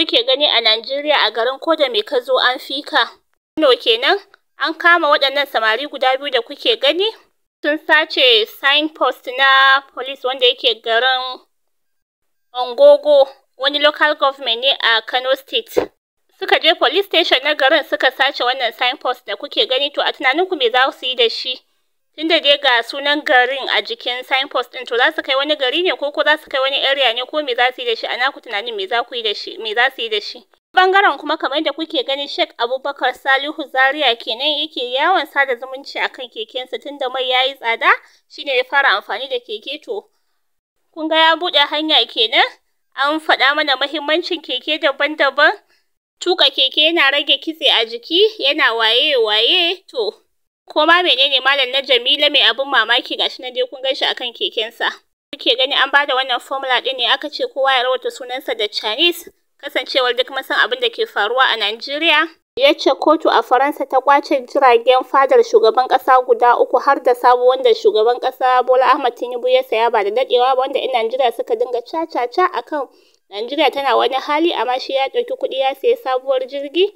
Kuke gani a Najeriya a garin ko da me ka zo an fi ka. Kano kenan an kama waɗannan samari guda biyu da kuke gani sun sace signpost na police wanda yake garin Ongogo wani local government ne a Kano state. Suka je police station na garin suka sace wannan signpost da kuke gani to a tunaninku me za su yi da shi? inda dai ga sunan garin a jikin signpost din to za su kai wani gari ne ko ko za su kai wani area ne ko me za su yi da shi a naku tunanin me za ku yi da shi me za su yi da shi bangaren kuma kamar da kuke gani Sheikh Abubakar Salihu Zaria kenan yake yawon sada zumunci akan kekensa tunda mai yayi tsada shine ya fara amfani da keke to kun ga ya bude hanya kenan an faɗa mana mahimmancin keke daban-daban tuka keke yana rage kitse a jiki yana waye waye to Koma menene malam na Jamila mai abin mamaki gashi na dai kun ganshi akan kekensa. Kuke gani an bada wannan formula din ne aka ce kowa ya rawata sunansa da Chinese kasancewar duk masan abin da ke faruwa a Najeriya. yace kotu a Faransa ta kwace jiragen fadar shugaban kasa guda uku har da sabo wanda shugaban kasa Bola Ahmed Tinubu ya saya ba da dadewa ba wanda in Najeriya suka dinga cacaca akan Najeriya tana wani hali amma shi ya dauki kuɗi ya sayi sabuwar jirgi.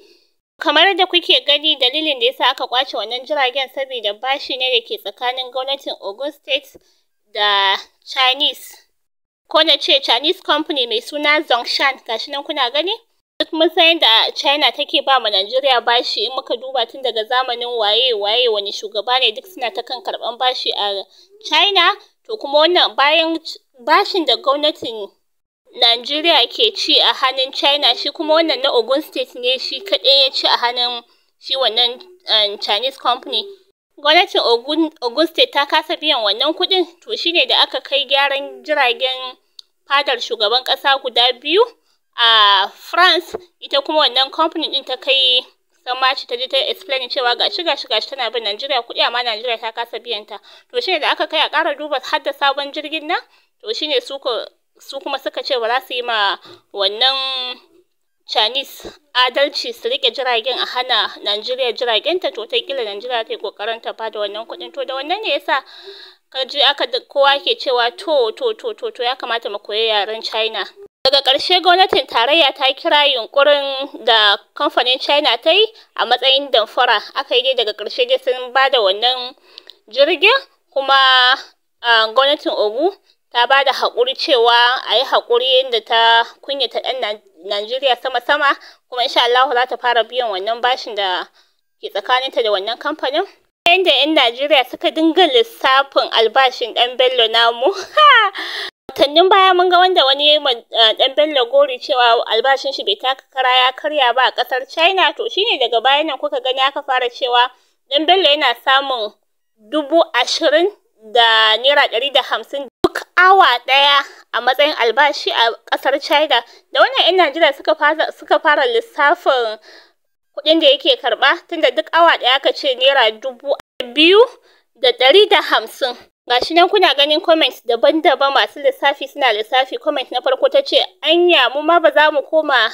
Kamar da kuke gani, dalilin da yasa aka kwace wannan jiragen sabida bashi ne da ke tsakanin gwamnatin Ogun State da Chinese ko na ce Chinese company mai suna Zhongshan, gashi nan kuna gani. Duk mun san yadda China take ba Najeriya bashi in muka duba tun daga zamanin waye waye wani shugaba ne duk suna ta kan karban bashi a China. To kuma wannan bayan bashin da gwamnatin Najeriya ke ci a hannun China shi kuma wannan na Ogun State ne shi kaɗai ya ci a hannun shi wannan eh, Chinese company. Gwamnatin Ogun State ta kasa biyan wannan kuɗin, to shi ne da aka kai gyaran jiragen fadar shugaban ƙasa guda biyu a France, ita kuma wannan company ɗin ta kai samaci ta je ta explain cewa gashi gashi gashi tana bin Najeriya kuɗi amma Najeriya ta kasa biyan ta. To shi ne da aka kai a ƙara duba har da sabon jirgin nan, to shi ne su ko su kuma suka ce ba za su yi ma wannan Chinese adalci su rike jiragen a hana Najeriya jiragenta to ta kila nigeria ta yi kokarin ta bada wannan kudin to da wannan ne yasa kaji aka kowa ke cewa to to to to to ya kamata mu koyi yaren China daga karshe gwamnatin tarayya ta kira yunkurin da kamfanin China ta yi a matsayin damfara aka yi dai daga karshe dai sun bada wannan jirgin kuma ah, gwamnatin Ogu ta ba da haƙuri cewa a yi haƙuri inda ta kunyata ɗan Najeriya sama-sama kuma insha Allah za ta fara biyan wannan bashin da ke tsakaninta da wannan kamfanin. Yayin da 'yan Najeriya suka dinga lissafin albashin ɗan Bello namu. watannin baya mun ga wanda wani ya dan bello gori cewa albashin shi bai taka kara ya karya ba a ƙasar china to shine daga baya nan kuka gani aka fara cewa ɗan bello yana samun dubu ashirin da naira ɗari da hamsin awa ɗaya a matsayin albashi a kasar China, da wannan 'yan Najeriya suka fara lissafin kuɗin da yake karɓa, tunda duk awa ɗaya aka ce naira dubu biyu da ɗari da hamsin. gashi nan kuna ganin comments daban-daban masu lissafi suna lissafi. Comment na farko ta ce, "Anya mu ma ba za mu koma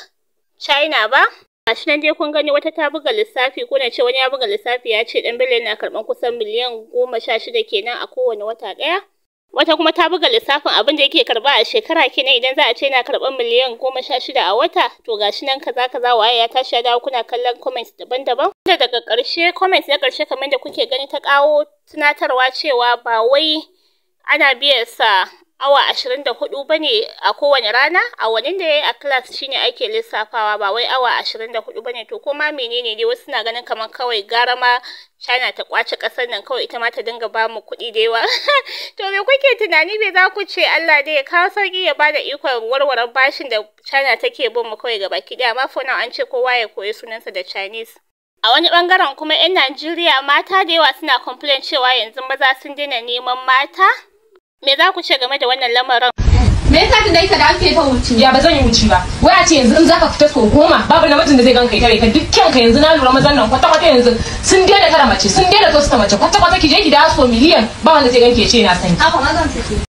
China ba?" Gashi nan dai kun gani wata ta buga lissafi kuna ce wani ya buga lissafi ya ce Dembele na karɓan kusan miliyan goma sha shida kenan a kowane wata ɗaya. Wata kuma ta buga lissafin abin da yake karba a shekara kenan idan za a ce yana karban miliyan goma sha shida a wata to gashi nan kaza kaza waye ya tashi ya dawo kuna kallon comments daban-daban. Da daga ƙarshe comments na ƙarshe kamar da kuke gani ta kawo tunatarwa cewa ba wai ana biyan sa awa 24 bane a kowane rana wani da yayi a class shine ake lissafawa ba wai awa 24 bane to kuma menene ne wasu na ganin kamar kawai gara ma China ta kwace kasar nan kawai ita ma ta dinga ba mu kuɗi da yawa to me kuke tunani me za ku ce Allah dai ya kawo sauki ya bada ikon warware bashin da China take bin mu kawai gaba ki amma fana an ce kowa ya koyi sunansa da Chinese A wani bangaren kuma 'yan Najeriya mata da yawa suna complain cewa yanzu maza sun daina neman mata Me za ku ce game da wannan lamarin? Me yasa tun da ita da ake ta wuce? Ya ba zan yi wuce ba. Wai a ce yanzu in zaka fita so goma babu namijin da zai ganka ita ka duk ka yanzu na lura mazan nan kwata kwata yanzu sun daina tara mace sun daina tosta mace kwata kwata ki je ki da so miliyan ba wanda zai ganke ce na san Haka mazan ke.